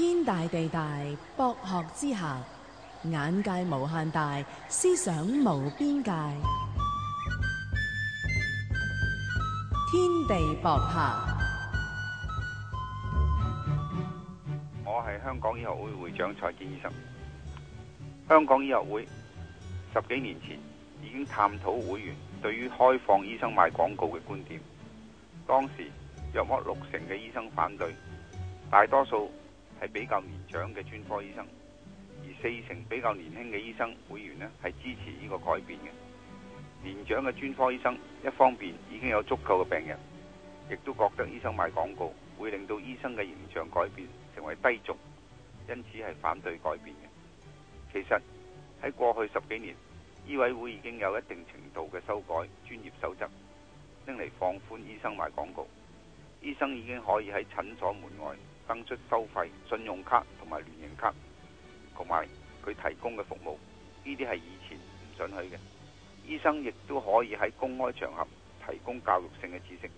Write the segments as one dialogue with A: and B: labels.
A: 天大地大，博學之下眼界無限大，思想無邊界。天地博客，我係香港醫學會會長蔡堅醫生。香港醫學會十幾年前已經探討會員對於開放醫生賣廣告嘅觀點，當時約莫六成嘅醫生反對，大多數。係比較年長嘅專科醫生，而四成比較年輕嘅醫生會員咧，係支持呢個改變嘅。年長嘅專科醫生一方面已經有足夠嘅病人，亦都覺得醫生賣廣告會令到醫生嘅形象改變，成為低俗，因此係反對改變嘅。其實喺過去十幾年，醫委會已經有一定程度嘅修改專業守則，拎嚟放寬醫生賣廣告，醫生已經可以喺診所門外，登出收費、信用卡、同埋聯營卡，同埋佢提供嘅服務，呢啲係以前唔准許嘅。醫生亦都可以喺公開場合提供教育性嘅知識，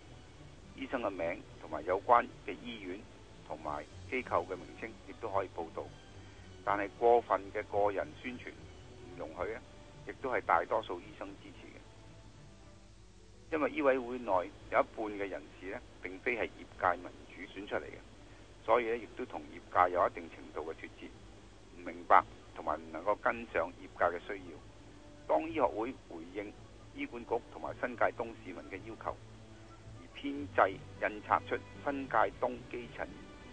A: 醫生嘅名同埋有關嘅醫院同埋機構嘅名稱亦都可以報道，但係過分嘅個人宣傳唔容許啊！亦都係大多數醫生支持嘅，因為醫委會內有一半嘅人士呢，並非係業界民主選出嚟嘅。所以咧，亦都同業界有一定程度嘅脫節，唔明白同埋唔能夠跟上業界嘅需要。當醫學會回應醫管局同埋新界東市民嘅要求，而編製印刷出新界東基層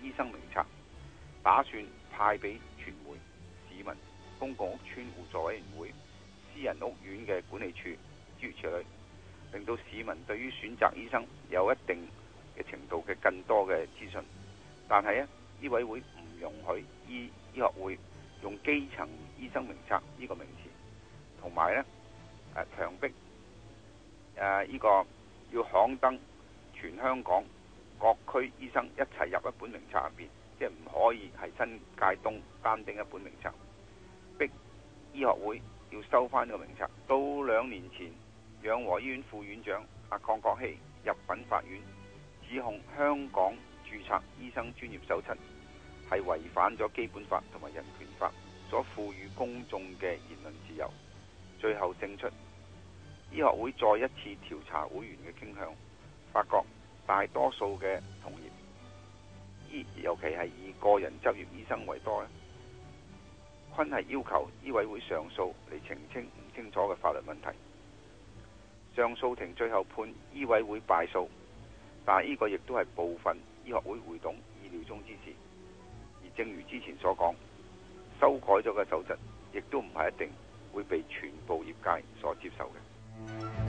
A: 醫生名冊，打算派俾傳媒、市民、公共屋邨互助委員會、私人屋苑嘅管理處諸如此類，令到市民對於選擇醫生有一定嘅程度嘅更多嘅資訊。但係咧，醫委會唔容許醫醫學會用基層醫生名冊呢、這個名詞，同埋咧，誒、啊、強迫呢依、啊這個要刊登全香港各區醫生一齊入一本名冊入邊，即係唔可以係新界東單定一本名冊，逼醫學會要收翻呢個名冊。到兩年前，養和醫院副院長阿鄺國希入禀法院，指控香港註冊醫生專業手冊係違反咗基本法同埋人權法所賦予公眾嘅言論自由。最後證出醫學會再一次調查會員嘅傾向，發覺大多數嘅同業，尤其係以個人執業醫生為多咧，均係要求醫委會上訴嚟，澄清唔清楚嘅法律問題。上訴庭最後判醫委會敗訴，但係呢個亦都係部分。醫學會會董意料中之事，而正如之前所講，修改咗嘅手術亦都唔係一定會被全部業界所接受嘅。